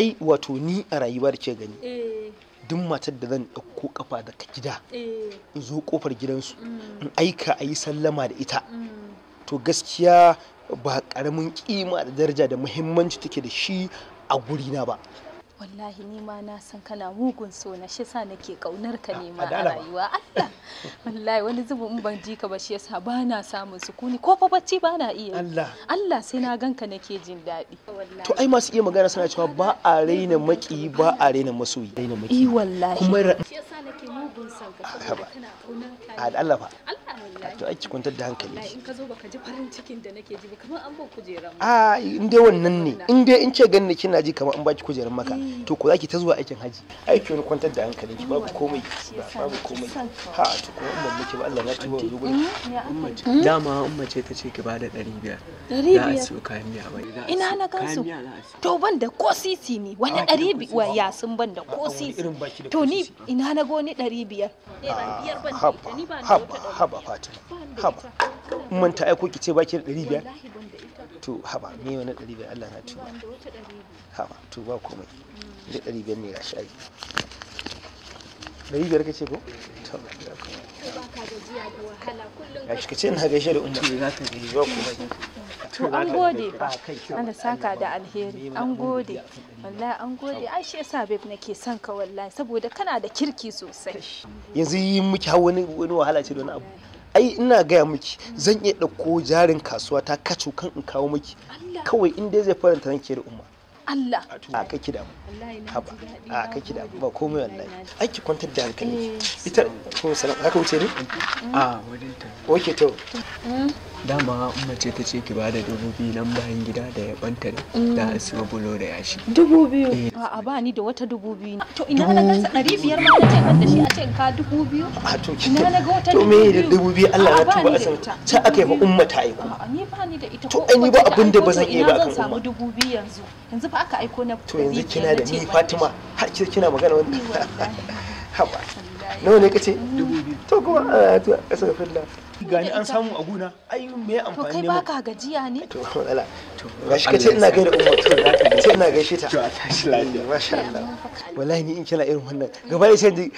ai wato ni a rayuwar da ke gani eh. duk matar da zan ɗauko kafa daga gida eh. in zo kofar gidansu mm. in aika a yi sallama da ita mm. to gaskiya ba ƙaramin kima da daraja da muhimmanci take da shi a guri na ba wallahi ni ma na san kana mugun so na shi sa nake kaunar ka ne ma a rayuwa Allah wallahi wani zubin in ban ji ka ba shi yasa ba na samun sukuni ko fa bacci ba na iya Allah Allah sai na ganka nake jin daɗi to ai masu iya magana suna cewa ba a raina maki ba a raina masoyi raina eh, maki wallahi kuma shi yasa nake mugun son ka kana kaunar ka Allah fa to ai kwantar da hankali in ka zo baka ji farin cikin da nake ji ba kamar an ba kujeran a in dai wannan ne in dai in ce ganin kina ji kamar an ba ki kujeran maka eh. to ko zaki ta zuwa aikin haji aiki ne kwantar da hankali ki babu komai babu komai ha to ko umman muke ba Allah ya tuba zo gurin mm-hmm. umma dama umma ce ta ce ki ba da 500 500 za a kayan miya ba ina na gansu to ban da ko sisi ne wani 500 wa ya sun ban da ko sisi to ni ina na go ah, ni 500 haba haba haba ta haba man ta aiko ki ce baki da ɗari biyar to haba me wani ɗari biyar Allah na tuba haba to ba komai da ɗari biyar ne ga shi aiki ɗari biyar ka ce ko to ba komai ya shi ce na gaishe da umma za ka gaishe ba komai an gode ba saka da alheri an gode wallahi an gode ai shi yasa babe nake son ka wallahi saboda kana da kirki sosai yanzu yi miki wani wani wahala ce da wani abu ai ina gaya miki zan iya ɗauko jarin kasuwa ta kacu kan in kawo miki kawai in dai zai faranta ranke da umma Allah a kai da mu haba a kai da ba komai wallahi ai ki kwantar da hankali eh. ita ko salam haka wuce ne mm-hmm. a ah, wajen ta okay to mm-hmm. dama mace ta ce ki bada dubu biyu nan bayan gida da ya banta da mm. za a bulo da yashi dubu biyu eh. a ba ni da wata dubu biyu to ina na nasa ɗari biyar ma ce ban da shi a ce ka dubu biyu a to ki ina na ga wata dubu biyu to me da dubu biyu Allah ya tuba asan ta aka yi fa umma ta aiko ni ba ni da ita to an yi ba abin da ba zan iya ba kan umma samu dubu biyu yanzu yanzu fa aka aiko na to yanzu kina da ni Fatima har kina magana wannan haba nawa ne kace dubu kuma a eh, zuwa filla gani an samu a gona ai me amfani to kai baka gajiya ne to wala to gashi kace ina gaida umma to kace ina gaishe ta to tashi lafiya masha Allah wallahi ni in kina irin wannan gaba da sai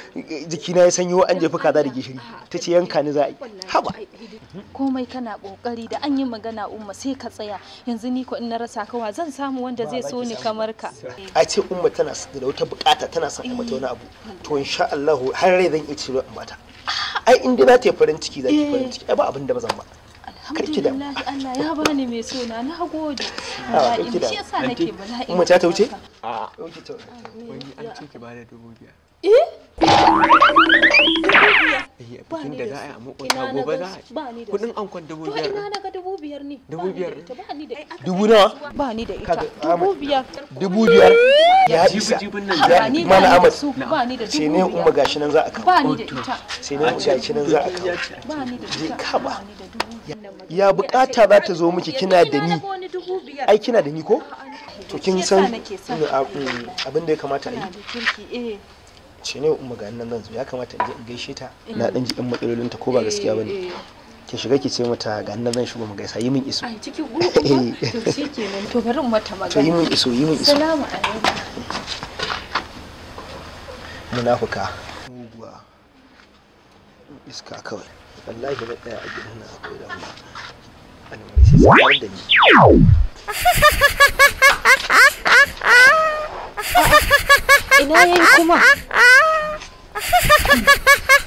jikina ya sanyo an jefa kaza da gishiri tace yanka ni za a yi haba komai kana kokari da an yi magana umma sai ka tsaya yanzu ni ko in na rasa kawa zan samu wanda zai so ni kamar ka a ce umma tana da wata bukata tana son mata wani abu eh, to insha Allah har rai zan iya ciro in mata ai in dai za ta yi farin ciki za ta yi farin eh. ciki ai ba abin da ba zan ba alhamdulillah Allah ya bani mai sona na gode ah, shi yasa nake bala'i mu ta wuce a wuce ta wani an ce ki ba da dubu biyar eh Eh, da za a yi gobe za a yi kudin dubu biyar dubu biyar ne dubu nawa ba ni da ita dubu biyar dubu biyar ya isa ya mana amas sai ne umma gashi nan za a kawo ba ni da ita sai ne nan za a kawo ba ni da ita ya bukata za ta zo miki kina da ni ai kina da ni ko to kin san mm, abin da ya kamata a yi ce ne umma ga nan zanzu ya kamata in je in gaishe ta na dan ji dan matsalolin ta ko ba eh, gaskiya bane eh. ke shiga ki ce mata ga nan zan shigo mu gaisa yi min iso ai cikin gudu eh. to shikenan to bari mata magana to yi min iso yi min iso salamu alaikum munafuka muguwa iska kawai wallahi da tsaya a gidan nan akwai da mu ina yin kuma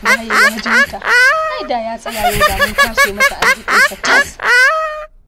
Ai da ya tsaya ya damu kwashe masa arzikinsa tas.